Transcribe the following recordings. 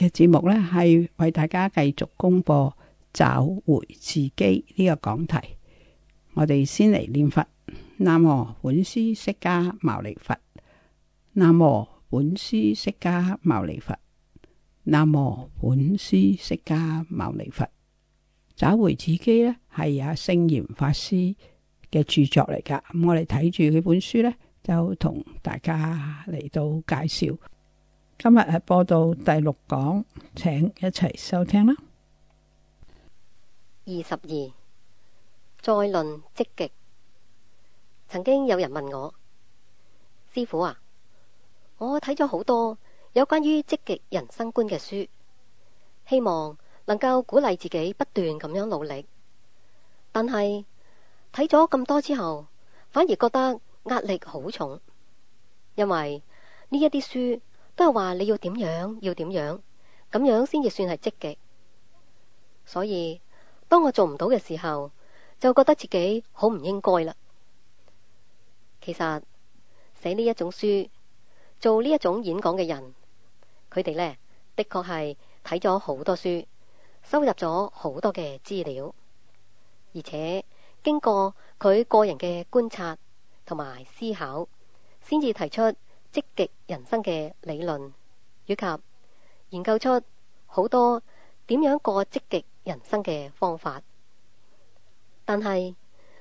嘅節目呢係為大家繼續公布找回自己呢個講題。我哋先嚟念佛：南無本師釋迦牟尼佛。南無本師釋迦牟尼佛。南無本師釋迦牟尼佛。找回自己呢係阿聖嚴法師嘅著作嚟噶。咁我哋睇住佢本書呢，就同大家嚟到介紹。今日係播到第六講，請一齊收聽啦。二十二，再論積極。曾經有人問我：師傅啊，我睇咗好多有關於積極人生觀嘅書，希望能夠鼓勵自己不斷咁樣努力，但係睇咗咁多之後，反而覺得壓力好重，因為呢一啲書，都係話你要點樣，要點樣，咁樣先至算係積極。所以當我做唔到嘅時候，就覺得自己好唔應該啦。其實寫呢一種書、做呢一種演講嘅人，佢哋呢，的確係睇咗好多書，收入咗好多嘅資料，而且經過佢個人嘅觀察同埋思考，先至提出。積極人生嘅理論，以及研究出好多點樣過積極人生嘅方法，但係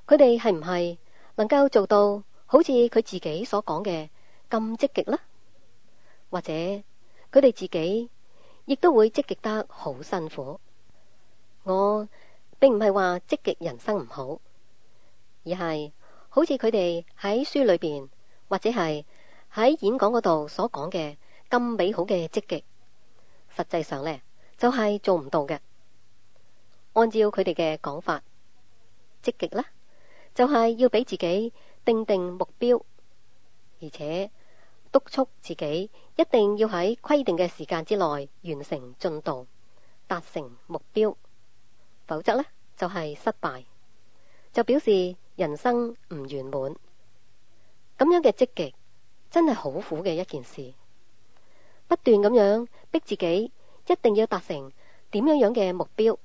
佢哋係唔係能夠做到好似佢自己所講嘅咁積極呢？或者佢哋自己亦都會積極得好辛苦。我並唔係話積極人生唔好，而係好似佢哋喺書裏邊或者係。喺演講嗰度所講嘅咁美好嘅積極，實際上呢，就係做唔到嘅。按照佢哋嘅講法，積極呢，就係要俾自己定定目標，而且督促自己一定要喺規定嘅時間之內完成進度、達成目標，否則呢，就係失敗，就表示人生唔圓滿。咁樣嘅積極。真係好苦嘅一件事，不斷咁樣逼自己，一定要達成點樣樣嘅目標。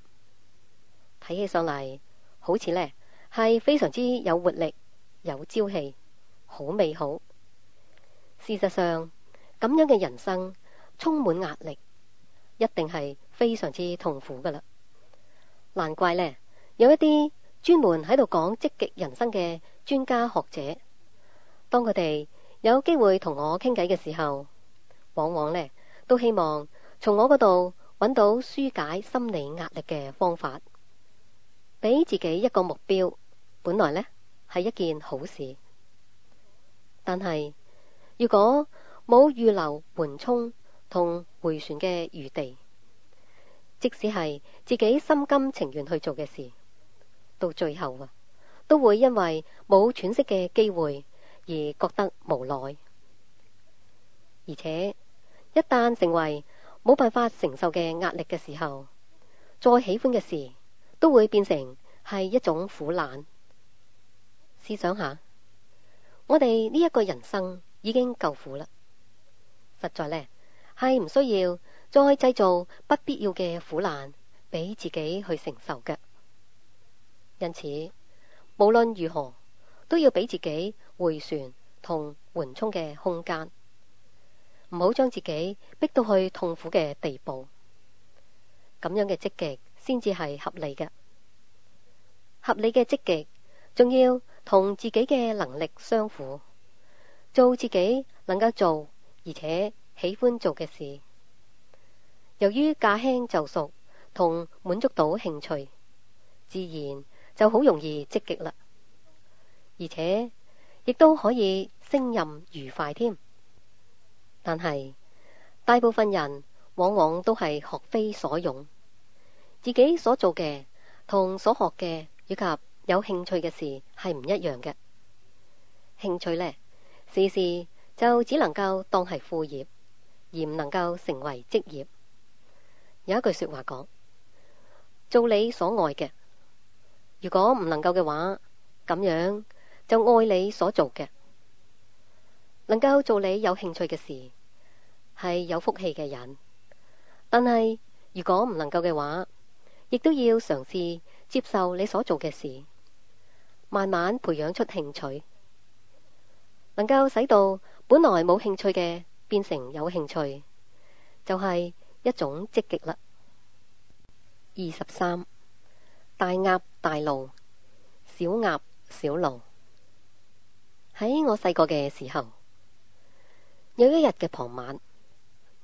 睇起上嚟好似呢係非常之有活力、有朝氣、好美好。事實上咁樣嘅人生充滿壓力，一定係非常之痛苦噶啦。難怪呢有一啲專門喺度講積極人生嘅專家學者，當佢哋。有機會同我傾偈嘅時候，往往呢都希望從我嗰度揾到紓解心理壓力嘅方法，俾自己一個目標。本來呢係一件好事，但係如果冇預留緩衝同回旋嘅餘地，即使係自己心甘情願去做嘅事，到最後啊都會因為冇喘息嘅機會。而覺得無奈，而且一旦成為冇辦法承受嘅壓力嘅時候，再喜歡嘅事都會變成係一種苦難。試想下，我哋呢一個人生已經夠苦啦，實在呢係唔需要再製造不必要嘅苦難俾自己去承受嘅。因此，無論如何都要俾自己。回旋同緩衝嘅空間，唔好將自己逼到去痛苦嘅地步，咁樣嘅積極先至係合理嘅。合理嘅積極，仲要同自己嘅能力相符，做自己能夠做而且喜歡做嘅事。由於駕輕就熟同滿足到興趣，自然就好容易積極啦，而且，亦都可以升任愉快添，但係大部分人往往都係學非所用，自己所做嘅同所學嘅以及有興趣嘅事係唔一樣嘅。興趣呢，事事就只能夠當係副業，而唔能夠成為職業。有一句說話講：做你所愛嘅，如果唔能夠嘅話，咁樣。就愛你所做嘅，能夠做你有興趣嘅事係有福氣嘅人。但係如果唔能夠嘅話，亦都要嘗試接受你所做嘅事，慢慢培養出興趣，能夠使到本來冇興趣嘅變成有興趣，就係一種積極啦。二十三，大鴨大路，小鴨小路。喺我細個嘅時候，有一日嘅傍晚，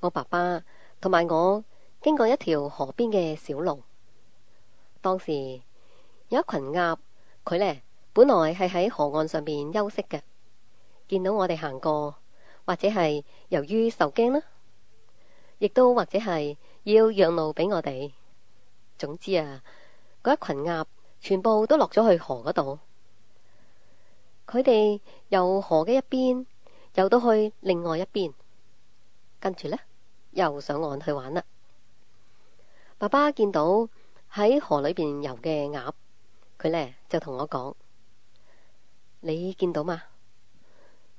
我爸爸同埋我經過一條河邊嘅小路。當時有一群鴨，佢呢本來係喺河岸上面休息嘅，見到我哋行過，或者係由於受驚啦，亦都或者係要讓路俾我哋。總之啊，嗰一群鴨全部都落咗去河嗰度。佢哋由河嘅一邊游到去另外一邊，跟住呢，又上岸去玩啦。爸爸見到喺河裏邊游嘅鴨，佢呢，就同我講：你見到嘛？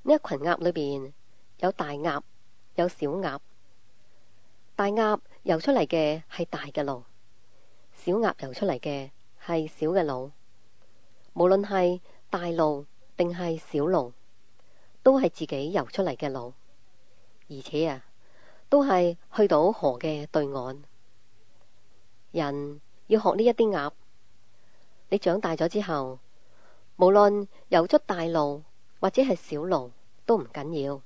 呢一群鴨裏邊有大鴨，有小鴨。大鴨游出嚟嘅係大嘅路，小鴨游出嚟嘅係小嘅路。無論係大路，定係小路，都係自己游出嚟嘅路，而且啊，都係去到河嘅對岸。人要學呢一啲鴨，你長大咗之後，無論游出大路或者係小路，都唔緊要，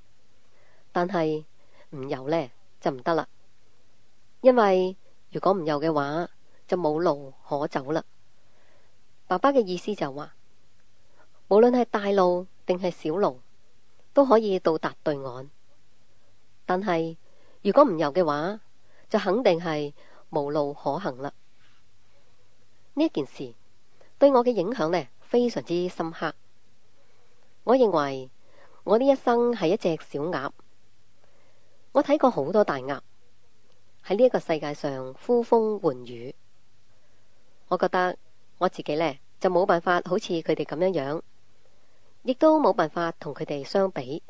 但係唔游呢，就唔得啦，因為如果唔游嘅話，就冇路可走啦。爸爸嘅意思就話、是。無論係大路定係小路，都可以到達對岸。但係如果唔游嘅話，就肯定係無路可行啦。呢件事對我嘅影響呢，非常之深刻。我認為我呢一生係一隻小鴨，我睇過好多大鴨喺呢一個世界上呼風喚雨。我覺得我自己呢，就冇辦法好似佢哋咁樣樣。亦都冇辦法同佢哋相比，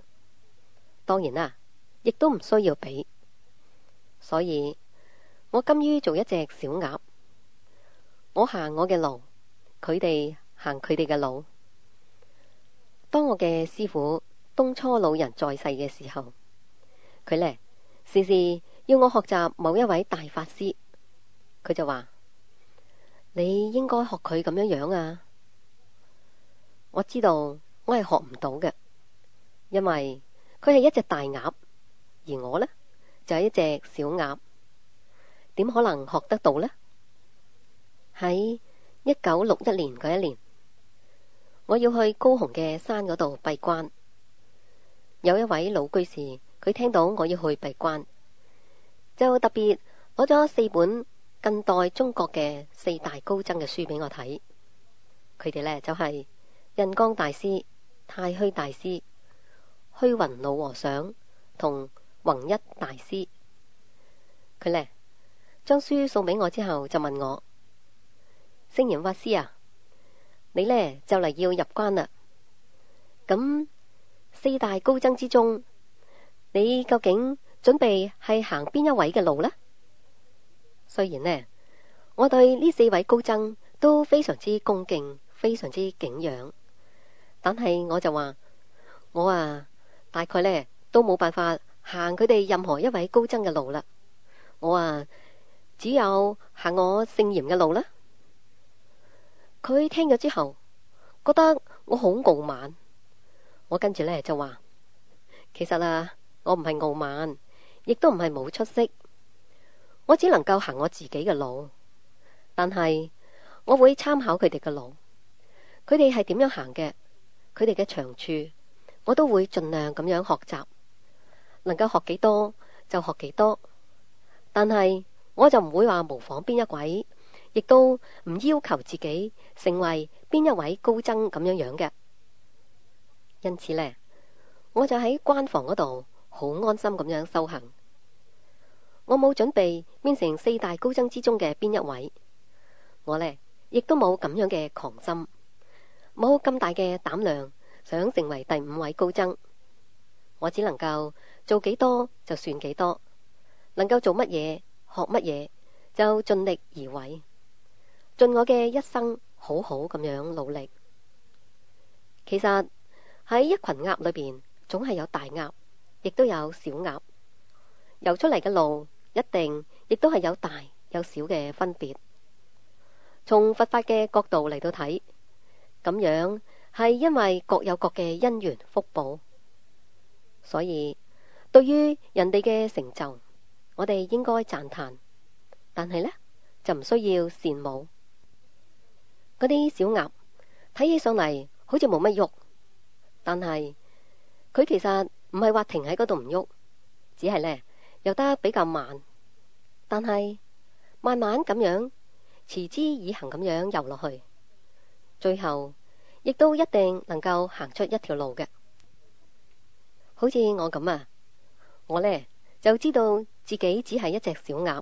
當然啦，亦都唔需要比。所以，我甘於做一隻小鴨，我行我嘅路，佢哋行佢哋嘅路。當我嘅師傅東初老人在世嘅時候，佢呢，時時要我學習某一位大法師，佢就話你應該學佢咁樣樣啊。我知道。我係學唔到嘅，因為佢係一隻大鴨，而我呢，就係一隻小鴨，點可能學得到呢？喺一九六一年嗰一年，我要去高雄嘅山嗰度閉關，有一位老居士，佢聽到我要去閉關，就特別攞咗四本近代中國嘅四大高僧嘅書俾我睇，佢哋呢，就係印光大師。太虛大師、虛雲老和尚同弘一大師，佢呢將書送俾我之後，就問我，星雲法師啊，你呢就嚟要入關啦。咁四大高僧之中，你究竟準備係行邊一位嘅路呢？雖然呢，我對呢四位高僧都非常之恭敬，非常之敬仰。但係我就話我啊，大概咧都冇辦法行佢哋任何一位高僧嘅路啦。我啊只有行我聖嚴嘅路啦。佢聽咗之後覺得我好傲慢，我跟住咧就話其實啊，我唔係傲慢，亦都唔係冇出息，我只能夠行我自己嘅路，但係我會參考佢哋嘅路，佢哋係點樣行嘅。佢哋嘅長處，我都會盡量咁樣學習，能夠學幾多就學幾多。但係我就唔會話模仿邊一位，亦都唔要求自己成為邊一位高僧咁樣樣嘅。因此呢，我就喺關房嗰度好安心咁樣修行。我冇準備變成四大高僧之中嘅邊一位，我呢亦都冇咁樣嘅狂心。冇咁大嘅膽量，想成為第五位高僧，我只能夠做幾多就算幾多，能夠做乜嘢學乜嘢就盡力而為，盡我嘅一生好好咁樣努力。其實喺一群鴨裏邊，總係有大鴨，亦都有小鴨。游出嚟嘅路，一定亦都係有大有小嘅分別。從佛法嘅角度嚟到睇。咁樣係因為各有各嘅因緣福報，所以對於人哋嘅成就，我哋應該讚歎，但係呢，就唔需要羨慕。嗰啲小鴨睇起上嚟，好似冇乜喐，但係佢其實唔係話停喺嗰度唔喐，只係呢，游得比較慢，但係慢慢咁樣持之以恆咁樣游落去。最後亦都一定能夠行出一條路嘅，好似我咁啊！我呢就知道自己只係一隻小鴨，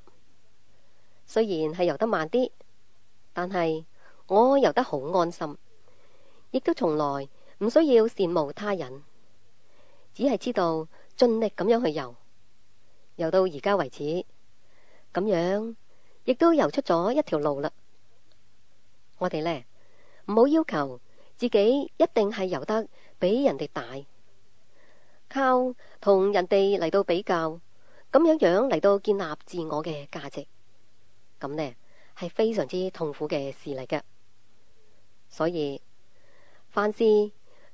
雖然係游得慢啲，但係我游得好安心，亦都從來唔需要羨慕他人，只係知道盡力咁樣去游，游到而家為止，咁樣亦都游出咗一條路啦。我哋呢。唔好要求自己一定係游得比人哋大，靠同人哋嚟到比較，咁樣樣嚟到建立自我嘅價值，咁呢係非常之痛苦嘅事嚟嘅。所以凡事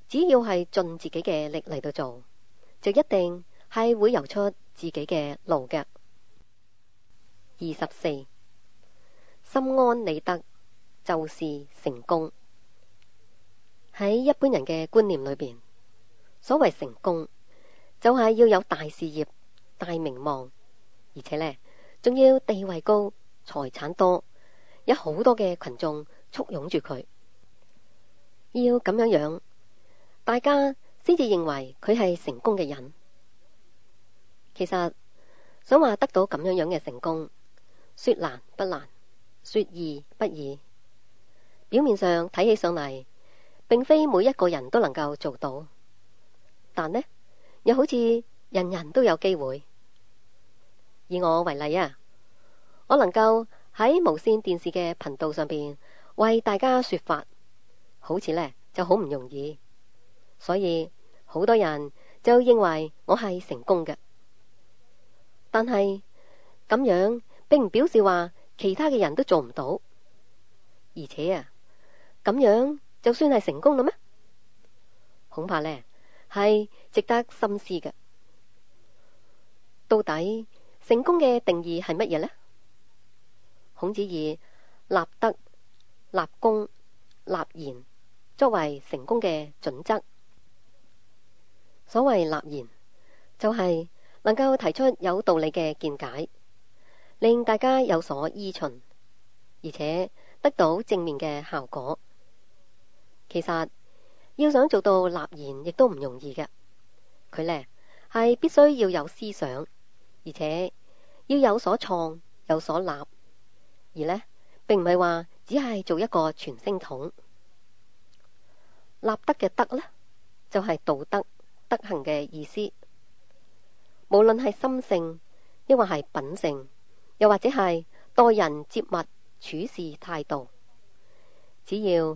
只要係盡自己嘅力嚟到做，就一定係會游出自己嘅路㗎。二十四，心安理得就是成功。喺一般人嘅觀念裏邊，所謂成功就係要有大事業、大名望，而且呢，仲要地位高、財產多，有好多嘅群眾簇擁住佢，要咁樣樣，大家先至認為佢係成功嘅人。其實想話得到咁樣樣嘅成功，說難不難，說易不易，表面上睇起上嚟。並非每一個人都能夠做到，但呢又好似人人都有機會。以我為例啊，我能夠喺無綫電視嘅頻道上邊為大家說法，好似呢就好唔容易，所以好多人就認為我係成功嘅。但係咁樣，並唔表示話其他嘅人都做唔到，而且啊咁樣。就算係成功了咩？恐怕呢係值得深思嘅。到底成功嘅定義係乜嘢呢？孔子以立德、立功、立言作為成功嘅準則。所謂立言，就係、是、能夠提出有道理嘅見解，令大家有所依循，而且得到正面嘅效果。其實要想做到立言，亦都唔容易嘅。佢呢係必須要有思想，而且要有所創、有所立。而呢並唔係話只係做一個傳聲筒。立德嘅德呢，就係道德德行嘅意思，無論係心性，抑或係品性，又或者係待人接物、處事態度，只要。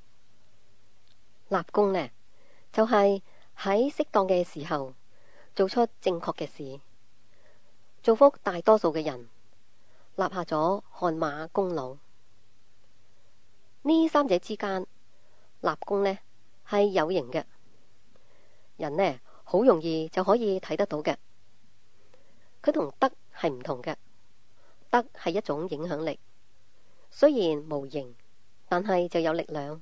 立功呢，就係喺適當嘅時候做出正確嘅事，造福大多數嘅人，立下咗汗馬功勞。呢三者之間，立功呢係有形嘅，人呢，好容易就可以睇得到嘅。佢同德係唔同嘅，德係一種影響力，雖然無形，但係就有力量。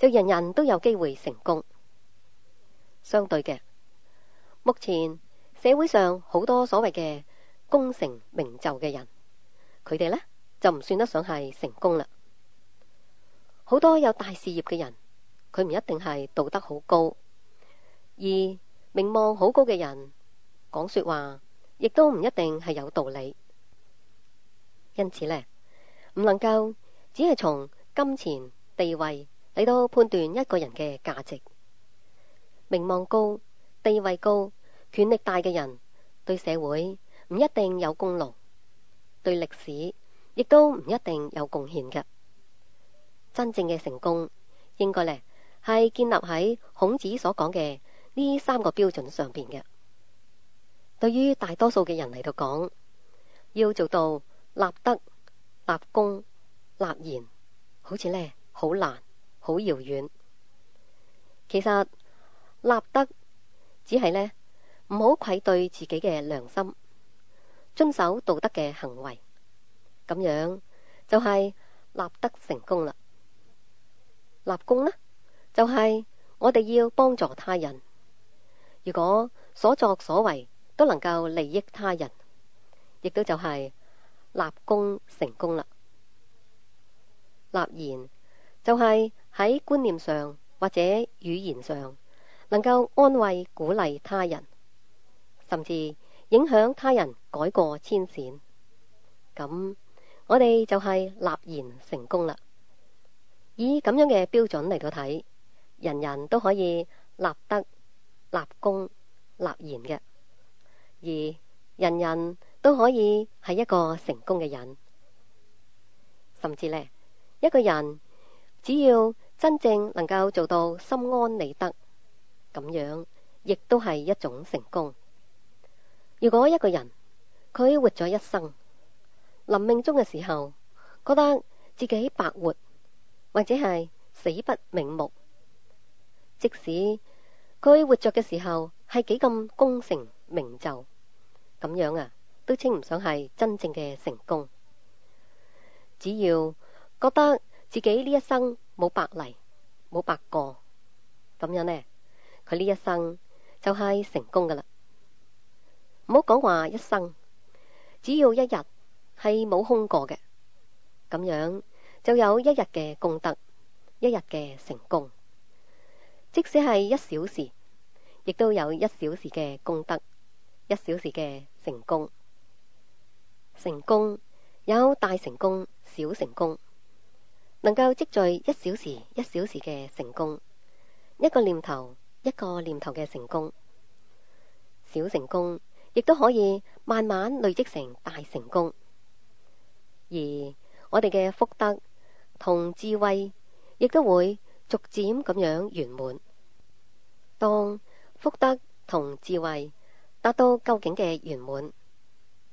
就人人都有機會成功。相對嘅，目前社會上好多所謂嘅功成名就嘅人，佢哋呢就唔算得上係成功啦。好多有大事業嘅人，佢唔一定係道德好高，而名望好高嘅人講說話，亦都唔一定係有道理。因此呢，唔能夠只係從金錢地位。嚟到判斷一個人嘅價值，名望高、地位高、權力大嘅人，對社會唔一定有功勞，對歷史亦都唔一定有貢獻嘅。真正嘅成功，應該呢係建立喺孔子所講嘅呢三個標準上邊嘅。對於大多數嘅人嚟到講，要做到立德、立功、立言，好似呢好難，好遙遠，其實立德只係呢，唔好愧對自己嘅良心，遵守道德嘅行為，咁樣就係立德成功啦。立功呢，就係我哋要幫助他人，如果所作所為都能夠利益他人，亦都就係立功成功啦。立言就係。喺觀念上或者語言上，能夠安慰鼓勵他人，甚至影響他人改過遷善，咁我哋就係立言成功啦。以咁樣嘅標準嚟到睇，人人都可以立德、立功、立言嘅，而人人都可以係一個成功嘅人，甚至呢一個人。只要真正能夠做到心安理得，咁樣亦都係一種成功。如果一個人佢活咗一生，臨命中嘅時候覺得自己白活，或者係死不瞑目，即使佢活着嘅時候係幾咁功成名就，咁樣啊都稱唔上係真正嘅成功。只要覺得，自己呢一生冇白嚟，冇白過，咁樣呢，佢呢一生就係成功㗎喇。唔好講話一生，只要一日係冇空過嘅，咁樣就有一日嘅功德，一日嘅成功。即使係一小時，亦都有一小時嘅功德，一小時嘅成功。成功，有大成功，小成功。能夠積聚一小時、一小時嘅成功，一個念頭、一個念頭嘅成功，小成功亦都可以慢慢累積成大成功。而我哋嘅福德同智慧亦都會逐漸咁樣圓滿。當福德同智慧達到究竟嘅圓滿，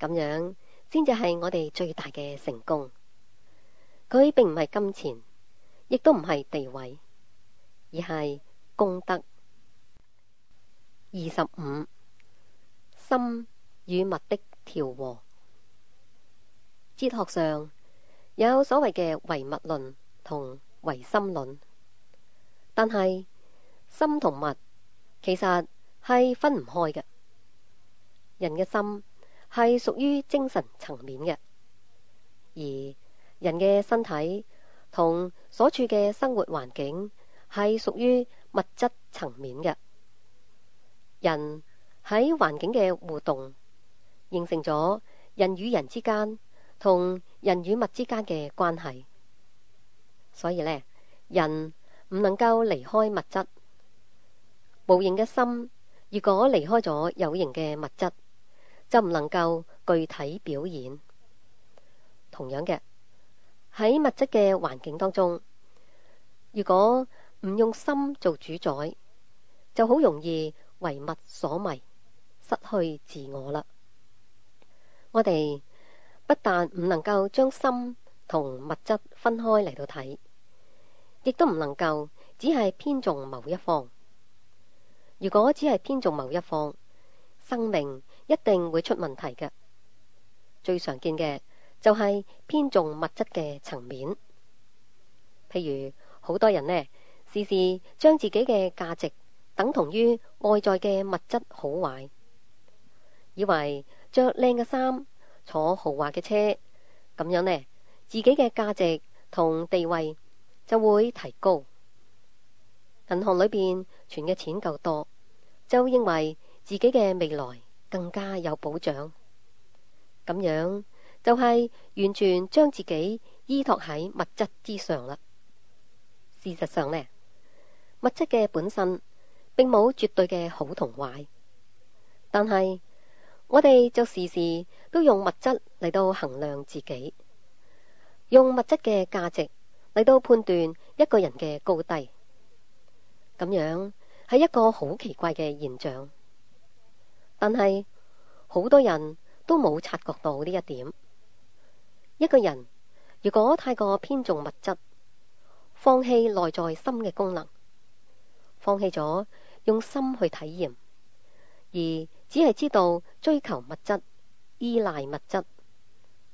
咁樣先至係我哋最大嘅成功。佢並唔係金錢，亦都唔係地位，而係功德。二十五，心與物的調和。哲學上有所謂嘅唯物論同唯心論，但係心同物其實係分唔開嘅。人嘅心係屬於精神層面嘅，而人嘅身體同所處嘅生活環境係屬於物質層面嘅。人喺環境嘅互動，形成咗人與人之間同人與物之間嘅關係。所以呢，人唔能夠離開物質。無形嘅心，如果離開咗有形嘅物質，就唔能夠具體表現。同樣嘅。喺物質嘅環境當中，如果唔用心做主宰，就好容易為物所迷，失去自我啦。我哋不但唔能夠將心同物質分開嚟度睇，亦都唔能夠只係偏重某一方。如果只係偏重某一方，生命一定會出問題嘅。最常見嘅。就係偏重物質嘅層面，譬如好多人呢，時時將自己嘅價值等同於外在嘅物質好壞，以為着靚嘅衫、坐豪華嘅車咁樣呢，自己嘅價值同地位就會提高。銀行裏邊存嘅錢夠多，就認為自己嘅未來更加有保障，咁樣。就係完全將自己依託喺物質之上啦。事實上呢，物質嘅本身並冇絕對嘅好同壞，但係我哋就時時都用物質嚟到衡量自己，用物質嘅價值嚟到判斷一個人嘅高低，咁樣係一個好奇怪嘅現象。但係好多人都冇察覺到呢一點。一個人如果太過偏重物質，放棄內在心嘅功能，放棄咗用心去體驗，而只係知道追求物質、依賴物質，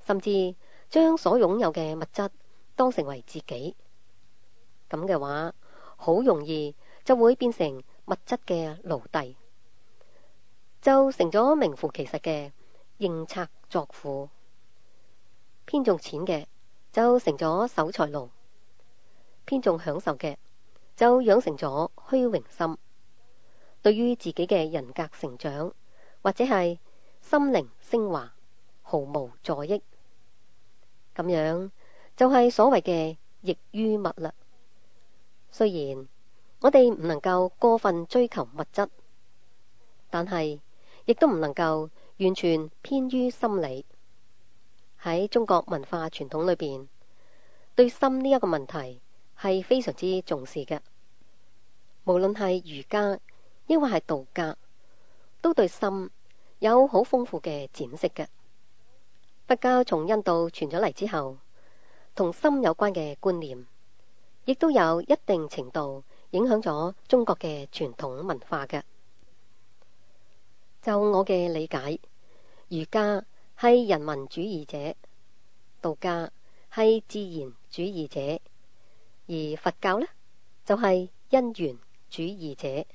甚至將所擁有嘅物質當成為自己，咁嘅話，好容易就會變成物質嘅奴隸，就成咗名副其實嘅認策作父。偏重錢嘅就成咗守財奴，偏重享受嘅就養成咗虛榮心，對於自己嘅人格成長或者係心靈升華毫無助益，咁樣就係、是、所謂嘅易於物嘞。雖然我哋唔能夠過分追求物質，但係亦都唔能夠完全偏於心理。喺中國文化傳統裏邊，對心呢一個問題係非常之重視嘅。無論係儒家，抑或係道家，都對心有好豐富嘅展示嘅。佛教從印度傳咗嚟之後，同心有關嘅觀念，亦都有一定程度影響咗中國嘅傳統文化嘅。就我嘅理解，儒家。係人民主義者，道家係自然主義者，而佛教呢，就係、是、因緣主義者。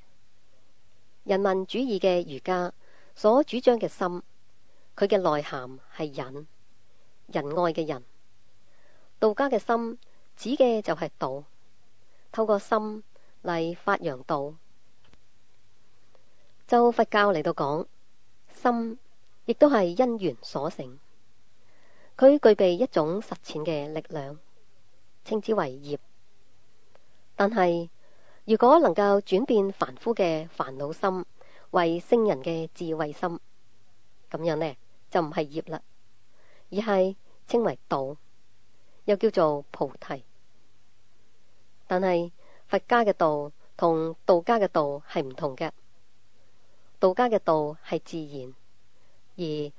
人民主義嘅儒家所主張嘅心，佢嘅內涵係人，仁愛嘅人。道家嘅心指嘅就係道，透過心嚟發揚道。就佛教嚟到講心，亦都係因緣所成，佢具備一種實踐嘅力量，稱之為業。但係如果能夠轉變凡夫嘅煩惱心為聖人嘅智慧心，咁樣呢，就唔係業啦，而係稱為道，又叫做菩提。但係佛家嘅道同道家嘅道係唔同嘅，道家嘅道係自然。而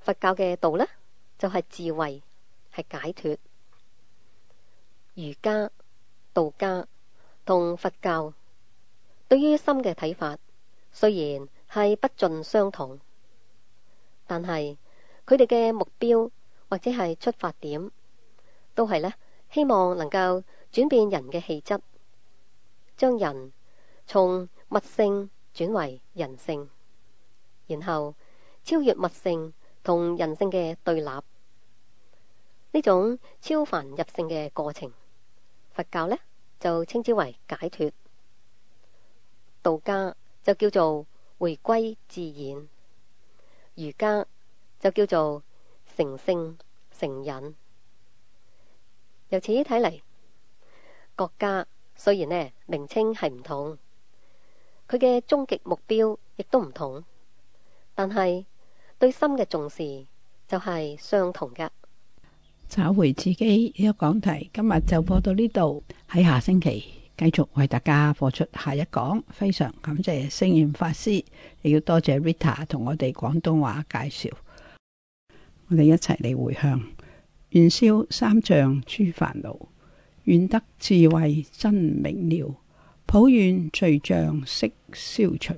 佛教嘅道呢，就係智慧，係解脫。儒家、道家同佛教對於心嘅睇法，雖然係不盡相同，但係佢哋嘅目標或者係出發點，都係呢，希望能夠轉變人嘅氣質，將人從物性轉為人性，然後。超越物性同人性嘅對立，呢種超凡入聖嘅過程，佛教呢就稱之為解脱；道家就叫做回歸自然；儒家就叫做成聖成仁。由此睇嚟，各家雖然呢名稱係唔同，佢嘅終極目標亦都唔同，但係。最深嘅重視就係相同嘅。找回自己呢一、這個、講題，今日就播到呢度，喺下星期繼續為大家播出下一講。非常感謝星願法師，亦要多謝 Rita 同我哋廣東話介紹。我哋一齊嚟回向願，消三障諸煩惱，願得智慧真明了，普願罪障悉消除，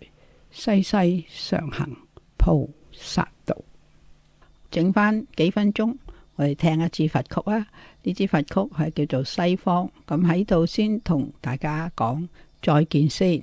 世世常行抱。殺到，整翻幾分鐘，我哋聽一支佛曲啊！呢支佛曲係叫做《西方》，咁喺度先同大家講再見先。